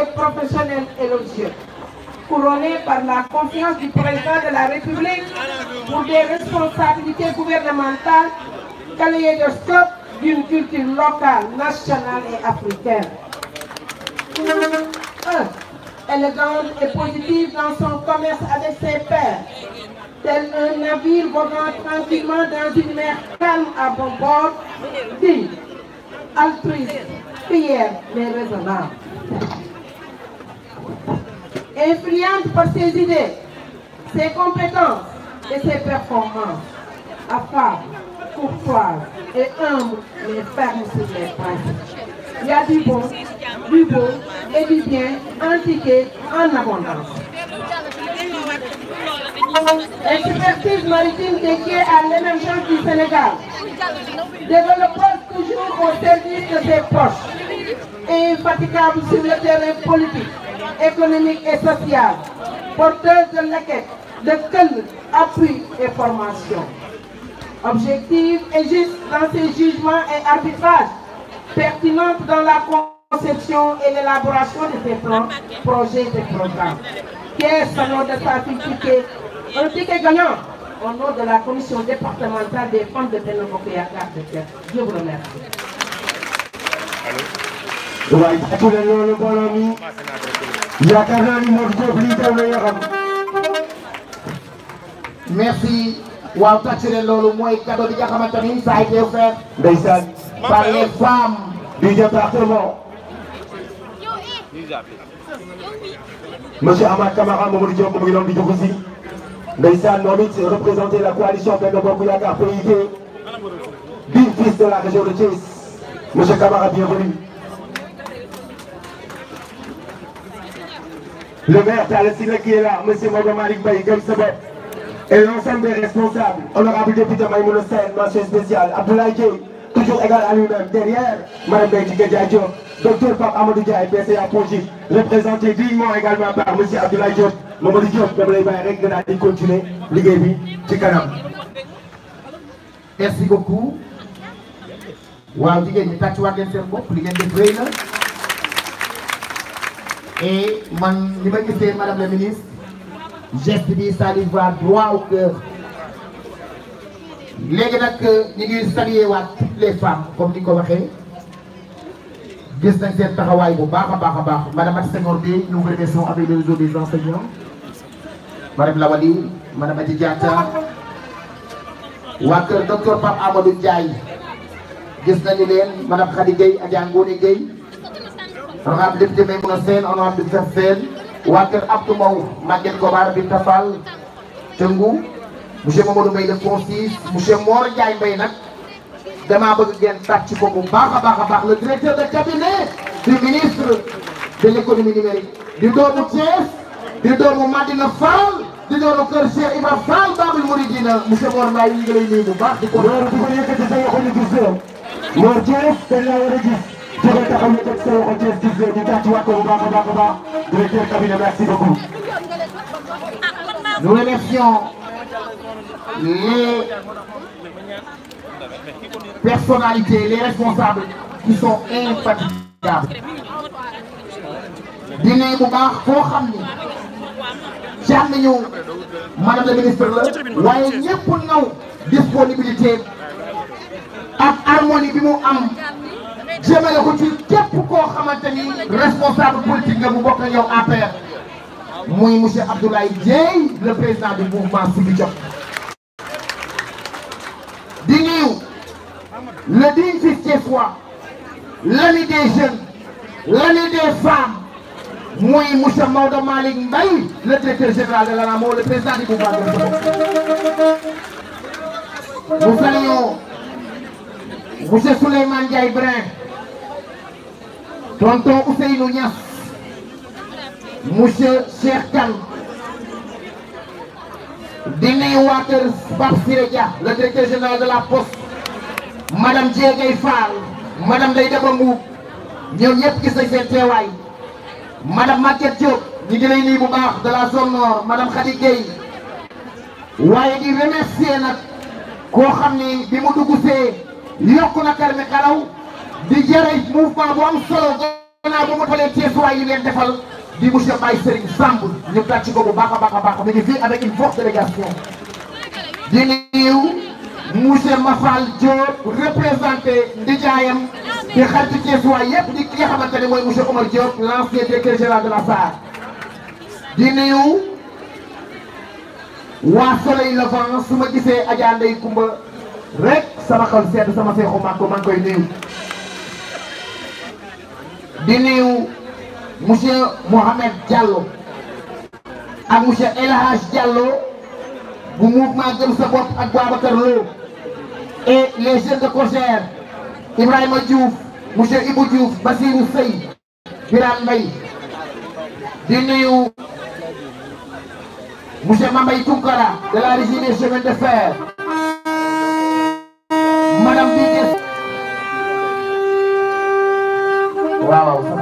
et professionnel élogieux. Couronné par la confiance du président de la République pour des responsabilités gouvernementales kaléidoscope d'une culture locale, nationale et africaine. élégante et positive dans son commerce avec ses pairs, tel un navire voguant tranquillement dans une mer calme à bon port, digne, altruiste, fière mais raisonnable. influente par ses idées, ses compétences et ses performances, affable, courtoise et humble, mais ferme sur les principes. y a du bon, du beau et du bien indiqué en abondance. L'expertise maritime dédiée à l'émergence Sénégal, développeuse toujours au service de ses proches, et sur le terrain économique et sociale, porteuse de l'enquête de quel appui et formation. Objective et juste dans ses jugements et arbitrages, pertinente dans la conception et l'élaboration de ses plans, projets et programmes. Pièce au nom de sa ticket, un ticket gagnant au nom de la commission départementale des femmes de Benobokéaka de Thiès. Je vous remercie. waaye jàppale loolu mbooloo mi yaakaar naa ni Modou Diop lii daw na yaram. merci. waaw taxi loolu mooy cadeau bi nga xamante ni ça a été offert. ndeysaan. par les femmes. du département. monsieur Amath Camara Mamadou Diop mu ngi doon di jóg aussi. ndeysaan moom it représenté la coalition Benno Bokk Yaakaar PIT. bi fils de la région de Thiès. monsieur Camara bienvenue. le maire Talla Sylla qui est là monsieur Maodo Malick Mbaye Gueule Sabab et l'ensemble des responsables honorable député Maïmouna Sène mention spéciale Abdoulaye Dièye toujours égal à lui-même derrière madame Ndeye Tické Diadio docteur Pape Amadou Ndiaye PCA Pongif représenté dignement également par monsieur Abdoulaye Diop Mamadou Diop dama lay bàyyi rek nga daal di continuer liggéey bi ci kanam. merci beaucoup waaw jigéen ñi tàccuwaat leen seen bopp li ngeen def rëy na. et man li ma gisee madame la ministre geste bi ça lui va droit au léegi nag ñu ngi saluer waat toutes les femmes comme ni ko waxee gis nañ seen taxawaay bu baax a baax a baax madame Ati Senghor bi nous vous remercions avec le réseau des enseignants madame Lawali madame Adji Diatta waa kër docteur Pape Amadou Ndiaye gis nañu leen madame Khady Gueye Adja Ngone Gueye Rahab Limti Maymuna Sène Honor Binta Sène waa kër Abdou Mbow Maguette Gobar Binta Fall Tëngu monsieur Mamadou Mbaye def concis monsieur Mor Ndiaye Mbaye nag bëgg ngeen tàcc ko bu baax a baax a baax le directeur de cabinet du ministre de l'économie numérique di doomu Thiès di doomu Madina di doomu kër Cheikh Ibrahima Fall Babul Mouridina monsieur Mor Ndiaye ñu ngi lay nuyu bu baax di ko. loolu bu ko yëkkati sa loxo ñu gis la. Mor Thiès dañ laa war a gis. jërë nga xam ne teg sa a a baax directeur cabinet merci qui sont infatigables. di nuyu baax koo xam ni jaar nañu madame la ministre la waaye ñëpp naw disponibilité ak harmonie bi mu am. jëmale ko ci képp koo xamante ni responsable politique nga bu bokk ak yow APR muy monsieur Abdoulaye Dieye le président du mouvement Sibi Diop. di nuyu le digne fils thiessois l'ami des jeunes l'ami des femmes muy monsieur Maodo Malick Mbaye le directeur général de l'ANAMO le président du mouvement Sibi Diop. nous saluons monsieur Souleymane Ndiaye Brin. tonton Ousseynou Niass monsieur Cheikh Kane di nuyuwaat Pape Siré Dia le directeur général de la poste madame Diegay Fall madame Ndeye Daba Mbuub ñoom ñëpp gis nañ seen teewaay madame Maguette Diop ñu ngi lay bu baax de la zone nord madame waaye di remercier nag koo xam ni bi mu dugg see yokk na kër mi xalaw di jëre mouvement bu am solo gannaaw ba mu tolee teesuwaay yi leen defal di monsieur Mbaye Serigne Samb ñu gàcc ko bu baax a baax a baax mi ngi fii avec une forte délégation di nuyu monsieur Mafal Diop représenté ndijaayam di xaritu teesuwaay yépp di ki xamante ne mooy monsieur Omar Diop l'ancien directeur général de la SAR di nuyu waa Soleil Levant su ma gisee Adja Ndeye Kumba rek sama xol sedd sama seexu màgg ko maa ngi koy nuyu di nuyu monsieur Mohamed Diallo ak monsieur El Hadj Diallo bu mouvement Gëm sa bopp ak Babacar Lo et les jeunes de concert Ibrahima Diouf monsieur Ibou Diouf Basirou Seye Birane Mbaye di nuyu monsieur Mambay Tunkara de la région des chemins de fer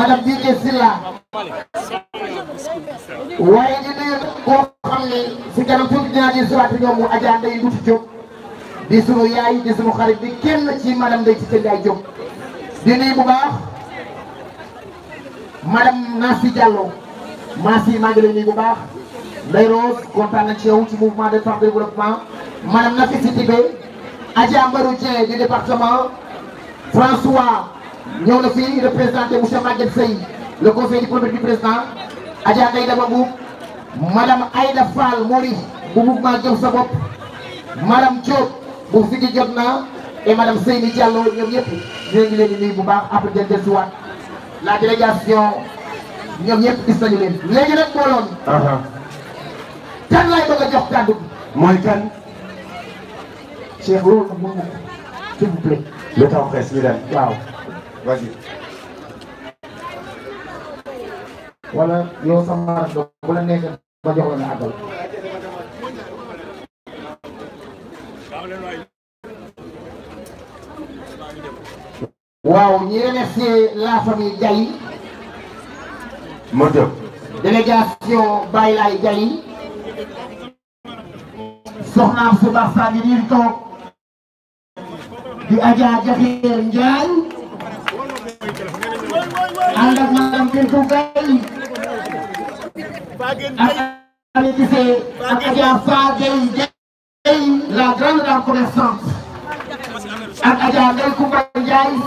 madame Didier Silla waaye ñu nuyu koo xam ne si kanam tuuti dinaa di suwaat ñoom mu Adja di sunu yaay di sunu xarit di kenn ci madame Ndeye Cissé Ndiaye Diop di nuyu bu baax madame Nancy Diallo Nancy maa ngi lay nuyu bu baax Ndeye Rose kontaan na ci yow ci mouvement de femme développement madame Nafi Sidibé Adja Mbarou Dieng du département François ñëw na fii représenté monsieur Maguette Seye le conseil du premier du président Adja Ndeye Daba Mboub madame Aïda Fall Mori bu mouvement Jëf sa bopp madame Diop bu fi di jot naa et madame Seyni Diallo ñoom ñëpp ñu ngi leen di nuyu bu baax après jël jël si la délégation ñoom ñëpp gis nañu leen léegi nag mbooloon. kan laay bëgg a jox kàddu bi. mooy kan. Cheikh loolu nag moom s'il vous plaît. le dem waaw. vas-y. wala waaw ñi remercier la famille Diaye. Modou. délégation Baye Laye Diaye. soxnaam su baax saa di toog. di Adja Jaxeer Ndiaye. Fagen Koungheul ak Amie Cissé ak Adja Fagen Gueye la grande reconnaissance ak Adja Ndeye Koumba Ndiaye